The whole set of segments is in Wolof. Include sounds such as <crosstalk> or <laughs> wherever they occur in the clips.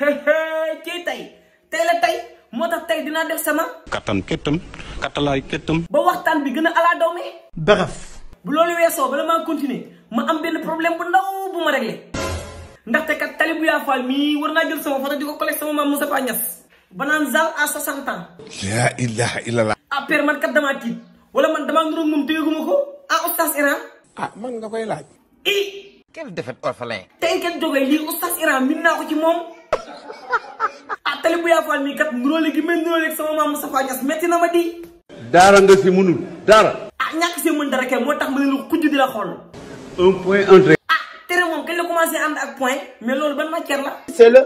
ci tay tay la tay motax tay dina def sama katan ketum katalay ketum ba waxtan bi gëna ala dawme bref bu lolu wesso bala ma continuer ma am ben problème bu ndaw bu ma régler ndax té kat ya mi warna jël sama photo diko collecte sama mam Moustapha Niass banan zal à 60 ans la ilaha illallah après man kat dama tit wala man dama nuru mum teyuguma ko ah oustaz iran ah man nga koy laaj i quel defet orphelin tay ken jogay li oustaz iran min na ko ci mom attali bu fal mi kat ndro gi mel ndro ak sama mam Moustapha Niass metti na ma di dara nga fi munul dara ah ñak ci mun dara ke motax tax ma ne la xujj di la xol un point entre ah tere mom kañ la commencé and ak point mais lolu ban matière la c'est le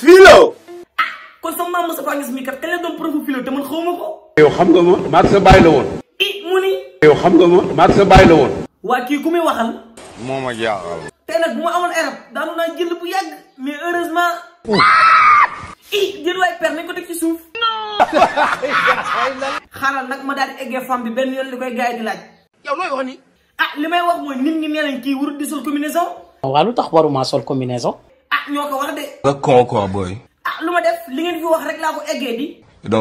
philo ah kon sama mam Moustapha Niass mi kat kañ la doon profu philo te man xawmako yow xam nga ma maag sa bay la won i muni yow xam nga ma maag sa bay la won wa ki ku waxal moma jaxal té nak nag bu ma amoon erreur da na jël bu yagg mais heureusement i jën waay per nañ ko teg ci suuf <laughs> xaaral nag ma daal di eggee femme bi benn yoon li koy gars di laaj yow looy wax ni ah li may wax mooy nit ñi nee kii warut di sol combinaison waaw lu tax waruma sol combinaison ah ñoo ko wax de nga con ah lu ma def li ngeen fi wax rek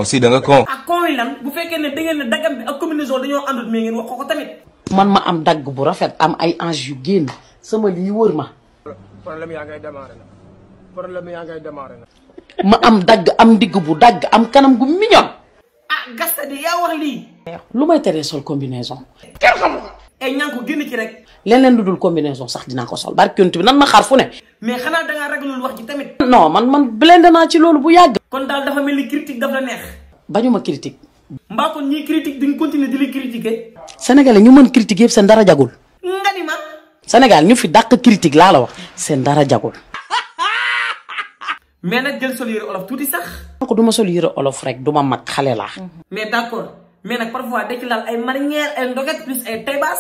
si da nga con ah, bu fekkee ne da ne daggam bi dañoo àndut mais ngeen wax ko ko tamit man ma am dagg bu rafet am ay ange yu génn sama lii wër ma problème problème yaa ngay démarrer na. ma am dagg am ndigg bu dagg am kanam gu mignon. ah gasta di yaa wax lii. lu may teree sol combinaison. kenn xamu ko. e eh, ñaan ko génn ci rek. leneen lu dul combinaison sax dinaa ko sol barki yonent bi nan ma xaar fu ne. mais xanaa da ngaa wax ji tamit. no man man blende naa ci loolu bu yàgg. kon daal dafa mel ni critique daf la neex. bañu ma critique. mbaa kon ñiy critique duñ continuer di li critiquer. sénégalais ñu mën critiquer yëpp seen dara jagul. nga ni ma. ñu fi dàq critique laa la wax seen dara jagul. mais nak jël sol yére olof touti sax ko duma sol yére olof rek duma mak xalé la mhm. mais d'accord mais nak parfois da ci lal ay marinière ay ndoget plus ay taybas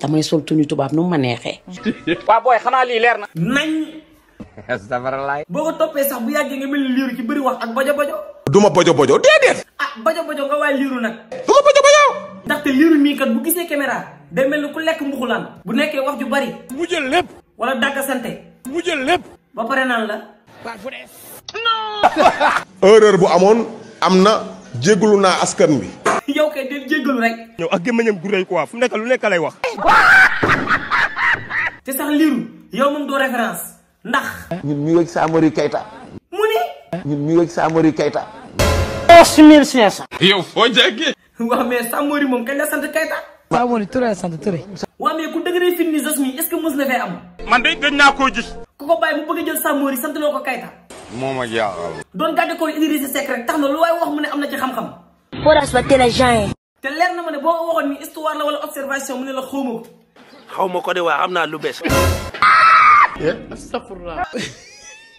damay sol tuni tubab nu manexé <laughs> wa boy xana li leer na nañ astaghfirullah <laughs> boko topé sax bu yagge nga mel liru ci bari wax ak bojo bojo duma bojo bojo dedet ah bojo bojo nga way liru nak duma bojo bojo ndax te liru mi kat bu gisé caméra day mel ku lek mbuxulan bu nekké wax ju bari bu jël lepp wala daga santé bu jël lepp ba paré nan la waar erreur bu amone amna na askan bi yow kay del djeglu rek yow ak gemagnam gu reuy quoi fu nek lu nek lay wax te sax liru yow mom do reference ndax ñun ñu wëg samori kayta muni ni ñun mi wëg sa amari kayta 11500 yow fo djegge wa mais samori mom kay la sant kayta samori turé sant turé wa mais ku dëgg day film ni est ce que mës na fay am man day deñ na ko gis ko bàyyi mu bëgg a jël Samori sant Kayta. moom ak yaaxal. doon gàdde ko Idrissa Seck rek tax na lu waay wax mu ne am na ci xam-xam. faut respecter les gens yi. te leer na ma ne ko xaw ma ko. xaw de waaye am naa lu bees. astafurlah.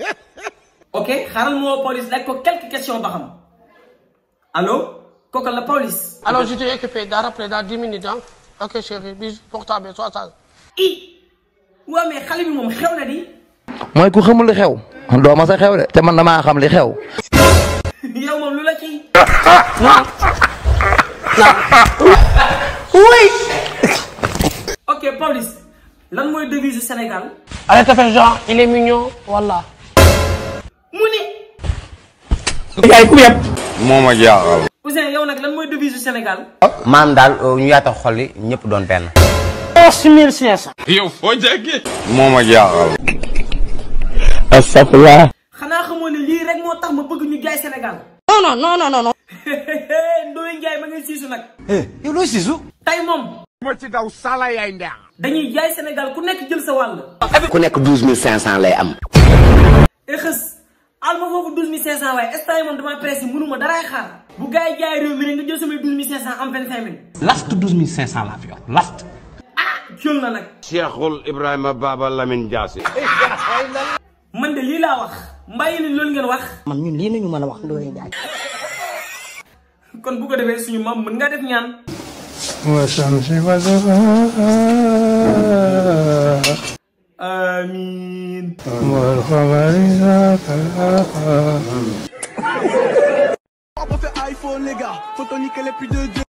<laughs> ok xaaral ma woo Pawlish laaj la Pawlish. alors je t'ai équipé daa rappelé dans dix minutes ah. ok chérie bis portable soixante. i waaw mais xale bi moom xew di. moy ku xamul li xew do ma sa xew de te man dama xam li xew. yow mom lula ci oui ok Pawlish lan moy devise Sénégal. allez ta faire genre il est mignon voilà mu ni. yaay ku yëpp. moo ma jaaxal. yow nak lan moy devise Sénégal. man dal euh, ñu yaata xol yi ñëpp doon ben 11500. yow fo jage moma ma astafurlah. xanaa xamoo ne lii rek moo tax ma bëgg ñu jaay Sénégal. non non non non non. <laughs> Ndoye Ndiaye ma ngay siisu nag. Eh, yow looy siisu. tey moom. ma ci daw Sala yaay Ndeya. dañuy jaay Sénégal ku nekk jël sa wàll. ku nekk douze mille cinq cent lay am. Eh, xës alma foofu douze mille cinq cent waaye instant yii moom damaa presse mënuma daraay xaar. bu gars yi jaay réew mi rek nga jël sama douze mille cinq cent am vingt cinq mille. last douze mille cinq cent laa fi yor last. ah jël na nag. Cheikhul Ibrahima Baba Lamine Diassi. Eh, man de li la wax mbay leen loolu ngeen wax. man ñun li nañu mëna wax do Ndoye Ndiaye. kon bu ko defee suñu mam mën nga def ñaan. wasamsi wasamaa. amiin. wal za saaka. iPhone les gars, faut toniquer les plus de